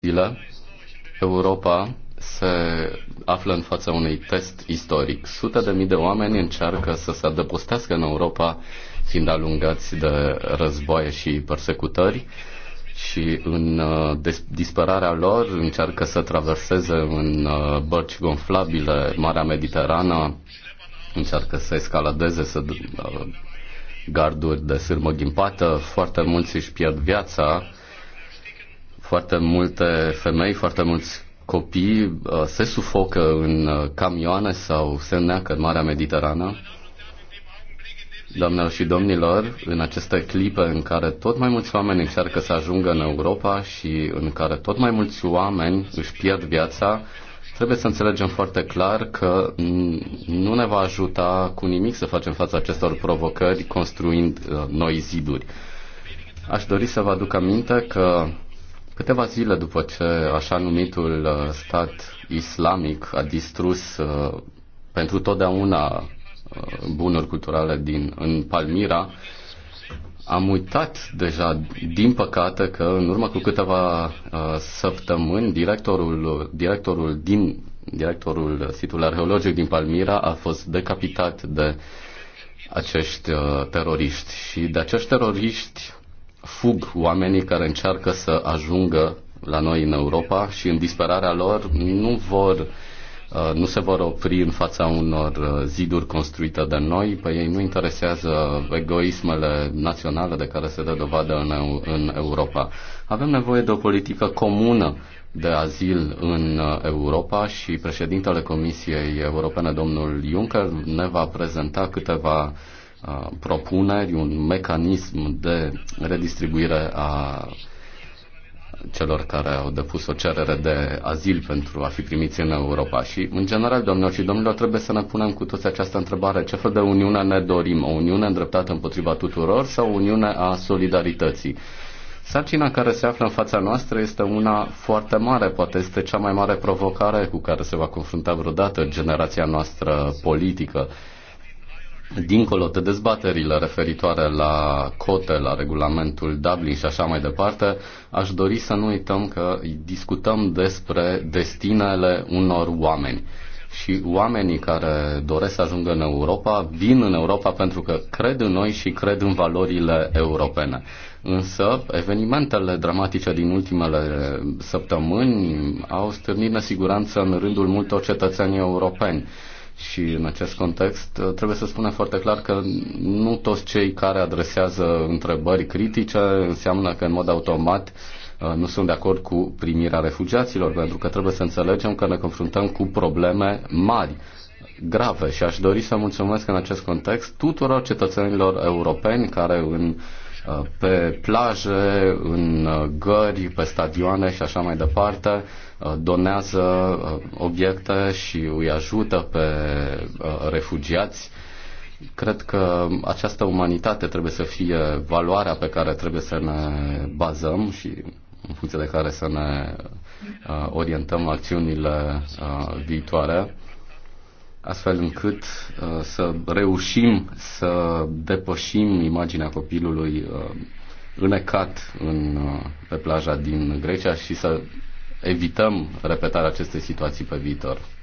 zile, Europa se află în fața unui test istoric. Sute de mii de oameni încearcă să se adăpostească în Europa, fiind alungați de războaie și persecutări și în uh, disperarea lor încearcă să traverseze în uh, bărci gonflabile Marea Mediterană, încearcă să escaladeze, să uh, garduri de sârmă ghimpată, foarte mulți își pierd viața foarte multe femei, foarte mulți copii uh, se sufocă în uh, camioane sau se neacă în Marea Mediterană. Doamnelor și domnilor, în aceste clipe în care tot mai mulți oameni încearcă să ajungă în Europa și în care tot mai mulți oameni își pierd viața, trebuie să înțelegem foarte clar că nu ne va ajuta cu nimic să facem față acestor provocări construind uh, noi ziduri. Aș dori să vă aduc aminte că Câteva zile după ce așa numitul uh, stat islamic a distrus uh, pentru totdeauna uh, bunuri culturale din, în Palmira, am uitat deja, din păcate, că în urmă cu câteva săptămâni, directorul, directorul, din, directorul sitului arheologic din Palmira a fost decapitat de acești teroriști. Și de acești teroriști fug oamenii care încearcă să ajungă la noi în Europa și în disperarea lor nu vor uh, nu se vor opri în fața unor uh, ziduri construite de noi, pe ei nu interesează egoismele naționale de care se dă dovadă în, în Europa. Avem nevoie de o politică comună de azil în uh, Europa și președintele Comisiei Europene, domnul Juncker, ne va prezenta câteva propuneri, un mecanism de redistribuire a celor care au depus o cerere de azil pentru a fi primiți în Europa. Și, în general, domnilor și domnilor, trebuie să ne punem cu toți această întrebare. Ce fel de Uniune ne dorim? O Uniune îndreptată împotriva tuturor sau o Uniune a solidarității? Sarcina care se află în fața noastră este una foarte mare, poate este cea mai mare provocare cu care se va confrunta vreodată generația noastră politică dincolo de dezbaterile referitoare la cote, la regulamentul Dublin și așa mai departe, aș dori să nu uităm că discutăm despre destinele unor oameni. Și oamenii care doresc să ajungă în Europa vin în Europa pentru că cred în noi și cred în valorile europene. Însă, evenimentele dramatice din ultimele săptămâni au stârnit nesiguranță în rândul multor cetățenii europeni și în acest context uh, trebuie să spunem foarte clar că nu toți cei care adresează întrebări critice înseamnă că în mod automat uh, nu sunt de acord cu primirea refugiaților, pentru că trebuie să înțelegem că ne confruntăm cu probleme mari, grave și aș dori să mulțumesc în acest context tuturor cetățenilor europeni care în Uh, pe plaje, în uh, gări, pe stadioane și așa mai departe, uh, donează obiecte și îi ajută pe refugiați. Cred că această umanitate trebuie să fie valoarea pe care trebuie să ne bazăm și în funcție de care să ne orientăm acțiunile viitoare astfel încât uh, să reușim să depășim imaginea copilului uh, înecat în, uh, pe plaja din Grecia și să evităm repetarea acestei situații pe viitor.